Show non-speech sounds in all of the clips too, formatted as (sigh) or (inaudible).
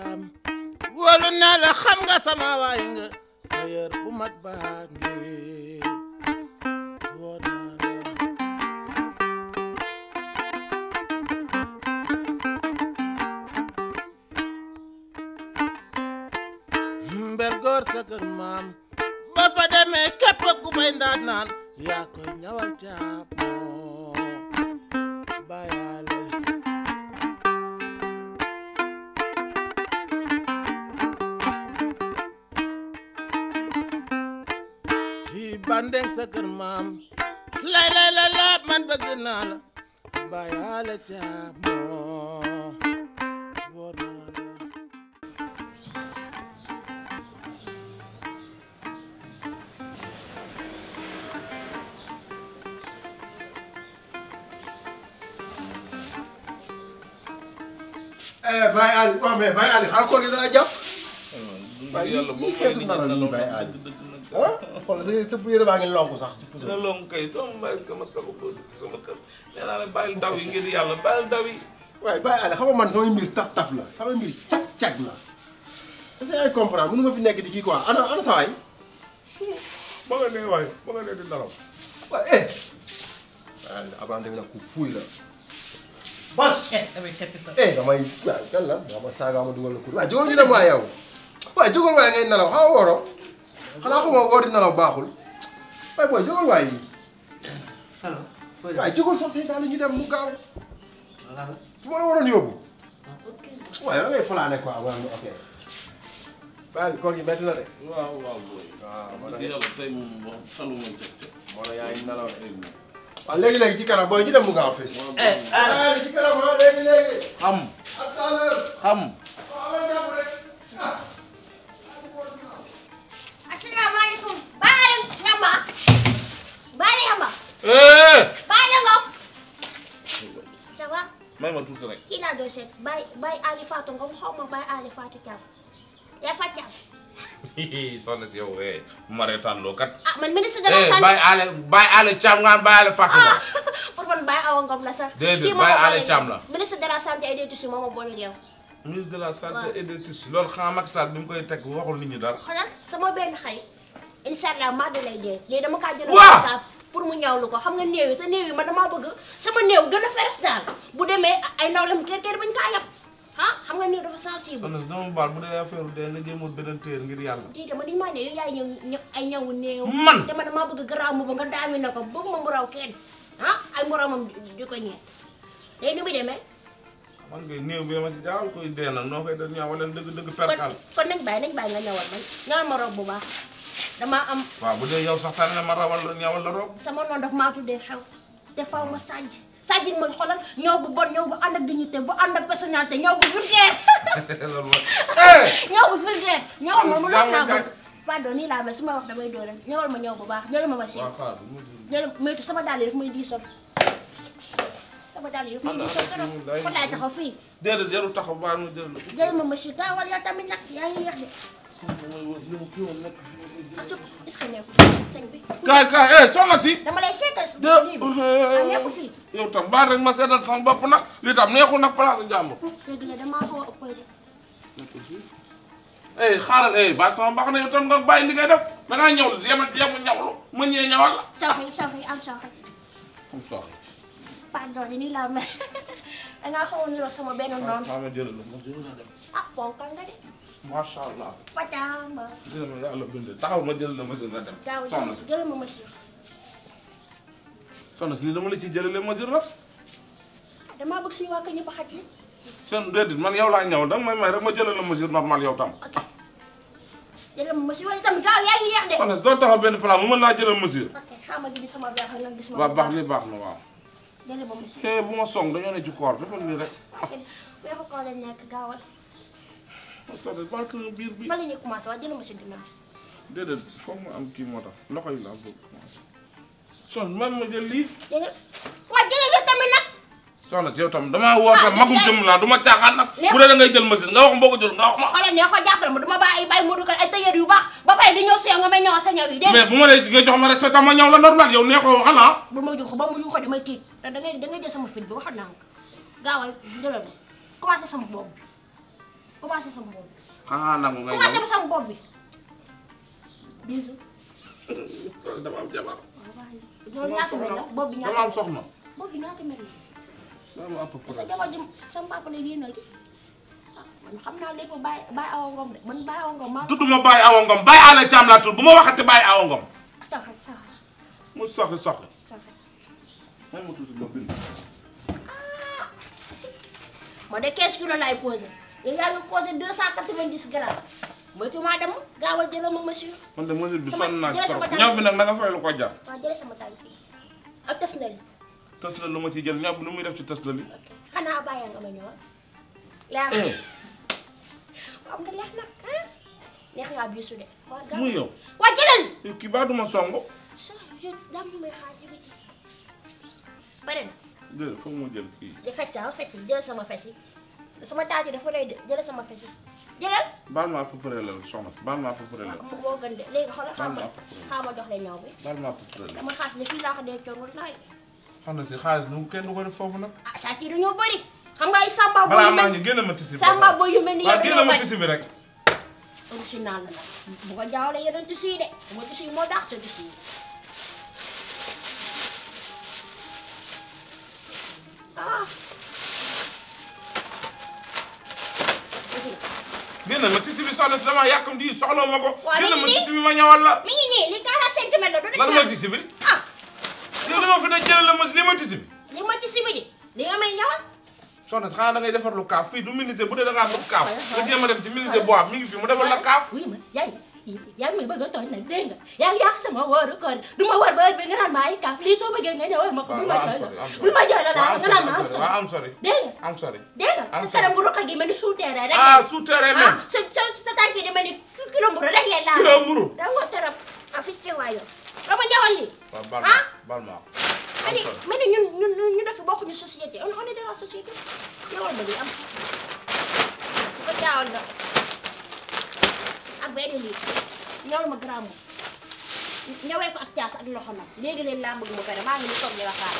jaam wóolu naa la xam nga sama waay nga tailleur bu mat baa ngi wóor naa la mbel góor sa kër maam ba fa demee képp ku fay ndaan naan yaa koy ñawal caab bande sa kër maam la la lay la man bëgg na la bàyyaale caab moo boor naa la Baye Ali waaw mais Baye Ali xanaa koor gi dana jàpp. yàlla boo fay li ñu dana xool sa sa yére baa ngi lonku sax. dina lonku kay doomu bàyyi sama sago ba sama kër nee la bàyyil daw yi ngir yàlla bàyyil daw yi. waaye bàyyi àll xam nga man samay mbir taf taf la samay mbir cag cag la est-ce fi nekk di kii quoi ana ana sa waay. ba nga nee waay ba nga nee di daraw. waaw eh. Abrahima tamit nag ku la. bas (laughs) eh, eh, ma saaga ma dugal la kur waaye jógal ñu waaye yow waaye jógal waaye ngay nelaw xaw a wóoroo. xanaa ko moom ordinaire la baaxul waaye booy jógal waay yi. alors. waaye jógal sax ñu dem mu gaaw. voilà ma la waroon ah, waaye da ngay plané quoi wala ok. baal koor gi métti na de. waaw waaw booy. waaw ah, ah, man de yàlla tey moom wax salu ma ci kanam booy ñu dem mu gaaw fii. eh ci kanam léegi léegi. xam. ak xam. may ma tuuti rek. kii laa doon seet Baye Baye Aliou Fatou xaw ma Baye Aliou Fatou Thiam yaa fa Thiam. soxna si yow eh bu ma reetaan loo kat. ah man ministre de la santé Baye Aliou Baye Aliou Thiam nga am Baye Aliou Fatou Ngom. pour man de la ma boole yow. ministre de la santé et des tissus. loolu xanaa Macky koy teg waxul nit ñi dara. xanaa sama benn xarit incha allah maa da lay dee. léegi dama kaa jëloon. waaw pour mu ñawlu ko xam nga néew yi te néew yi ma damaa bëgg sama néew gën a feres daal bu demee ay nawlem kër kër bañ kaa yab ah nga néew dafa sensible. kon nag dama baal bu dee affaire bi na jéemoon ngir yàlla. lii dama ni maa ne yow yaay ñëw ay ñawu ko bëgg ma mu raw kenn ah ay moromam di ko ñeent léegi ni muy demee. man kay néew bi ma ci jaawal koy dee noo koy def ñaaw wala dëgg dëgg perkal. kon kon nañ bàyyi nañ nga ñawal man ñawal ma rob bu baax. damaa am. waaw bu dee yow sax tànn na ma rawal la ñawal la roog. sama noonu daf maa tuddee xew te faw ma sàjj sàjjin ma xoolal ñëw bu bon ñëw bu ànd ak dignité bu ànd ak personnalité ñëw bu vulgaire. (laughs) loolu eh! ñëw bu vulgaire ñëwal ma mu loolu laa bëgg. pardon laa mel su ma wax damay bu baax ñëwal ma ma séen. waaw ma jël ñëwal sama daal yi ma jël la. jël ma ma si taawal yaa tamit nag yaa ngi yéex de kaay kaay eh soxna si. dama lay seetal si yow tam baal rek ma seetal sama bopp nag li tam neexul nag place jàmbur. dëgg la damaa eh xaaral eh ba sama mbaax na yow tam nga bàyyi li ngay def da ngaa ñawlu si yemal ci yemu ñawlu ma ñëwee ñawal la. sama benn noonu. ah ponkal nga Masya allah. Fataam ba. jël ma yàlla bind taxaw ma jël la mesure nga dem. soxna si jël ma mesure. soxna si ni dama la ci bëgg si. seen déedéet man yow laa ñëw danga may may rek ma jëlal la normal yow tam. ok jëlal ma mesure wala gaaw yaa ngi yéex de. soxna taxaw benn plan mu mën ok sama verre nag gis ma. waaw baax li baax na waaw. jëlal ma mesure. Eh, bu ma song dañoo ne ci koor defal nii rek. gaawal. soobee barke biir bi. fa la ñuy commencé waaye jëluma si ginnaaw. déedéet foog mu am kii moo tax yi laa bëgg man ma jël lii. jërëjëf waaw jërëjëf tamit nag. soxna si yow tam damaa woote magum jëm laa du ma caaxaan nag. bu dee da ngay jël machine nga wax mboo ko jël nga ma. xoolal ne ma du mu dugal ay tailleur yu baax ba pare di ñëw si nga may ñëw sa ñëw yi dégg mais bu ma lay nga jox ma rek sa tam ma ñëw la normal yow neexoo waxal ah. bu ma ko ba mu yuuxoo damay tiit da ngay da ngay jël sama fit bi waxal naa ko gaawal jëlal commencé sama bopp bi commencé sama bopp bi. xanaa nangu ngay commencé sama bopp bi. bisu. dama am jabar. waaw ñaata mel la bopp bi ñaata dama am soxna. bopp bi ñaata mel la. dama am sa jabar ji sama papa lay génnal de ah, man xam naa lépp bàyyi bàyyi awa ngom de man bàyyi awa ngom maa. tudd ma bàyyi awa ngom bàyyi àll caam laa tudd bu ma waxati bàyyi awa ngom. soxla soxla. mu soxla soxla. soxla. man ma tudd ma bind. ma de 15 kilos laay posé. yow yaa ngi causé deux cent quatre-vingt-dix grammes moytu maa dem gaawal jëlal ma monsieur. man sonn naa trop ñaw bi nag lu ko jar. sama tànk yi te tos na lu ma ci jël ñaw bi lu muy def ci te na li. ok xanaa bàyyi nag eh. ah neex ngaa biisu yow. waaw jëlal. yow eh, kii baa duma song. soo yow sama fes yi. sama taat yi dafa rëy de jëlal sama fes jëlal. baal ma approprié la soxna baal ma approprié la. moo gën de léegi xoolal xam nga la ñaw bi. ne fii laa ko dencoon wallaay. xam nga si xaalis nu kenn du ko def foofu nag. ah saa ci dañoo bëri. xam nga ay samba booy yu mel balaa maa ngi génn ma tisi bi. la bu ko de bu tisi moo daax sa tisi jëndal ma tissu bi soxla si dama yàkkam di soxla ma bo waaw jëndal ma tissu bi ma ñawal la. mi ngi nii li 45 mètres la du des. lan mooy tissu bi. ah. yow ma li ma tissu li ma tissu bi di li nga may ñawal. soxna si xanaa da ngay defar lu kaaf fii du ministère bu dee da ngaa am kaaf. nga jéem a dem ci ministère bu mi ngi fi mu defar la kaaf. yaa ngi may bëgg a tooñ nag dégg nga yaa ngi yàq sama wóoru koor du ma wóor ba heure bi nga naan ma ay kaaf lii soo bëggee nga ñëwal ma ko bul ma jooy la bul ma jooy la laa nga naan ma am sori am sori dégg nga am sori dégg nga sa kanam bu rokka gi mel ni souterrain rek ah souterrain même sa sa sa tànk yi di mel ni kilo mburu rek lay laa kilo mburu da nga torop affiché waayo nga ma ñëwal li waaw bal ma bal ma ma ne ñun ñun ñu def bokk ñu société on est de la société ñëwal ma li am ko jaawal la ak bay def lii ñëwal ma grand moom ñëwee ko ak caas ak loxo nag léegi leen laa bëgg mu pare maa ngi ni toog di la xaar.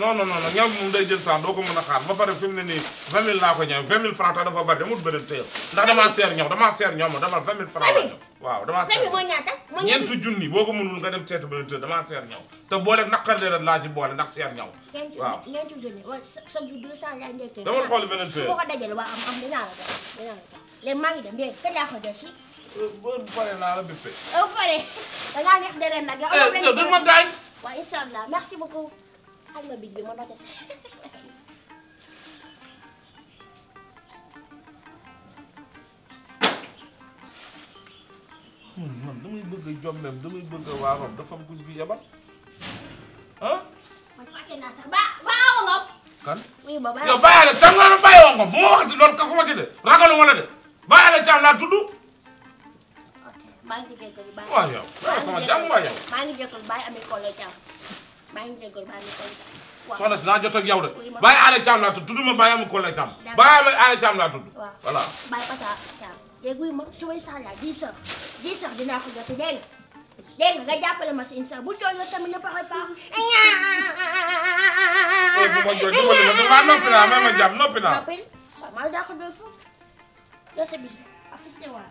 non non non ñaw bi moom day jël temps doo ko mën a xaar ba pare fi mu ne nii vingt mille laa ko ñëw vingt mille francs dafa bari demul beneen tëyal ndax damaa seer ñoom damaa seer ñoom dafa vingt mille francs la ñoom waaw damaa seer ñoom mooy ñaata mooy ñeenti junni boo ko mënul nga dem seetu beneen tëyal damaa seer ñoom te boole naqar de laa ci boole ndax seer ñoom waaw ñeenti junni chaque jour deux cent lay ndekk dama xool beneen tëyal su ko dajale waa am am dinaa la ko dinaa la ko léegi maa ngi dem dégg ka laa ko def si bu paree naa la béppé. bu paree da ngaa neex dërën nag. yow amul benn ma gaañ. waaw incha allah merci beaucoup. xam nga biñ bi ma noté sax. man man damay bëgg a jommeem damay bëgg a dafa am kuñ fi yebal ah. man fàtte naa sax ba ba awoon kan oui ba ba yow bàyyi la sànq bàyyi woon ko bu ma waxati loolu kakuma ci de ragaluma la de bàyyi la caam laa tudd. maa ngi jégalu baax waaw yow. sama jàmm waaw yow maa ngi jégalu baax amee Kolo Thiam maa ngi jégalu baax amee Kolo Thiam. waaw soxna si naa jot ak yow de. bàyyi Alé Thiam laa tudd tudd ma bàyyi amul Kolo Thiam. d' accord bàyyi Alé Thiam laa tudd. waaw voilà. bàyyi Pata Thiam léegi ma su may sànni à 10h 10h dinaa ko jot dégg nga dégg nga nga jàppale ma si incha bu coono tamit ne paxal paax. (laughs) bu ma jooy dimbali ma waaw noppi naa ma ma jàpp noppi naa. noppi waaw maa ngi daa ko doon foofu. doo sa bi affiche waa.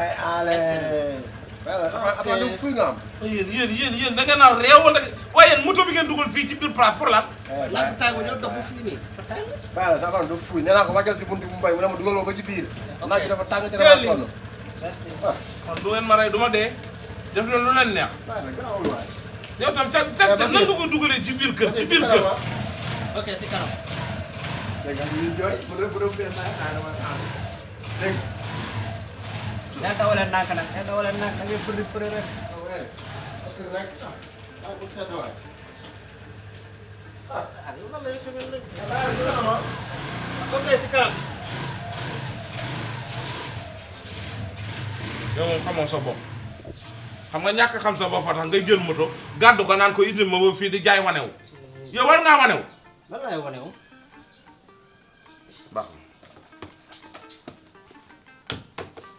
waaye ale atma dum fuy nga am yéen yéen yéen yéen da ngeen naan réew wala waaye yéen moto bi ngeen dugal fii ci biir pra pour lan lakk tàngoo ñoo dox bu fii nii bàyyi la sa affaire du fuy nee naa ko wàccal si buntu bu mbay mu ne ma dugal ma ba ci biir naaj bi dafa tàng te dafa sonn kon du ngeen ma tam ca ca ca nan nga ko dugalee ci ci ok ci bu ma ఎంత వాళ్ళని నాకు ఎంత వాళ్ళని నాకు ఇప్పుడు ఇప్పుడు yow xamoo sa bopp xam nga ñàkk xam sa bopp tax ngay jël moto gàddu ko naan ko indil ma ba fii di jaay wanew yow war ngaa wanew lan laay wanew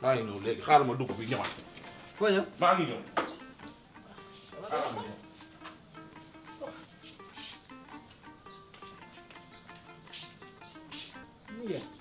maa ngi ñëw léegi xaaral ma dugg fi ñëwaat. niet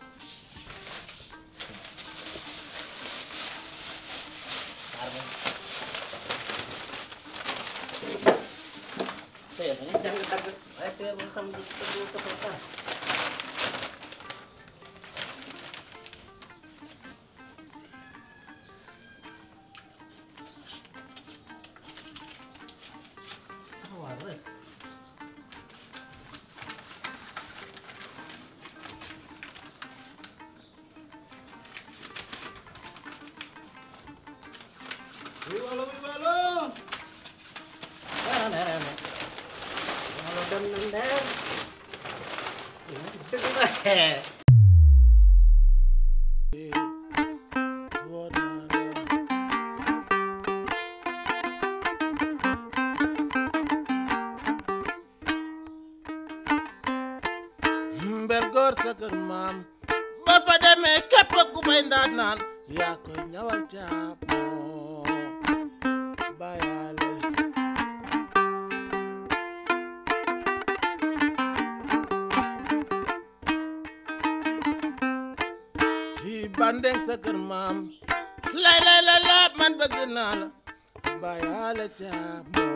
すごい。ndeng sa maam lay lay lay la man bëgg naa la bàyyi la ca